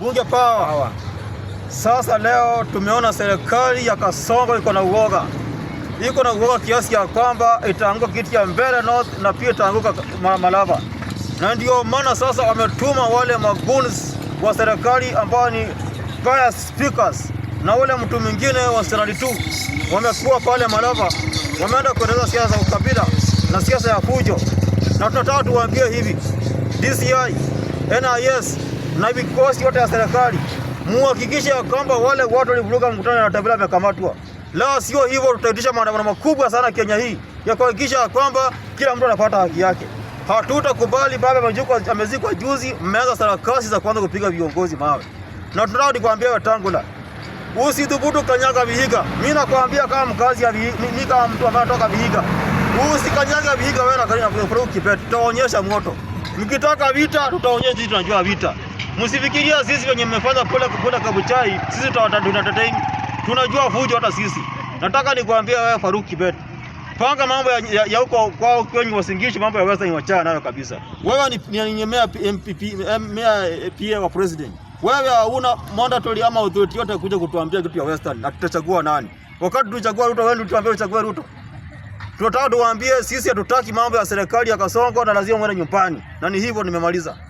bunge pawa. Sasa leo tumeona serikali ya Kasongo iko na uoga, iko na uoga kiasi ya kwamba itaanguka kiti ya mbele North na pia itaanguka Malava, na ndio maana sasa wametuma wale maguns wa serikali ambao ni fire speakers na ule mtu mwingine wa serikali tu wamekuwa pale Malava, wameenda kuendeleza siasa za ukabila na siasa ya fujo, na tunataka tuwaambie hivi DCI, NIS na vikosi yote ya serikali muhakikishe ya kwamba wale watu walivuruga mkutano na Natembeya wamekamatwa. La sio hivyo, tutaitisha maandamano makubwa sana Kenya hii ya kuhakikisha ya kwamba kila mtu anapata haki yake. Hatutakubali baba majuko amezikwa juzi, mmeanza sarakasi za kwanza kupiga viongozi mawe, na tunarudi kuambia Wetangula usithubutu kanyaga Vihiga. Mimi nakwambia kama mkazi ya mimi, kama mtu ambaye anatoka Vihiga, usikanyaga Vihiga wewe na Karina Kipete, tutaonyesha moto. Mkitaka vita, tutaonyesha, tunajua vita. Msifikiria sisi wenye mmefanya kula kula kabuchai, sisi tunatetea, tunajua fujo hata sisi. Nataka nikuambia wewe Faruk Kibet, panga mambo ya huko kwao kwenye wasingishi, mambo ya wewe ni wachana nayo kabisa. Wewe ni mea MPP mea eh, PA wa president, wewe hauna mandatory ama authority yote kuja kutuambia kitu ya Western na tutachagua nani. Wakati tuchagua Ruto, wewe ndio tuambie uchague Ruto. Tunataka tuambie sisi hatutaki mambo ya serikali ya kasongo, na lazima mwende nyumbani, na ni hivyo. Nimemaliza.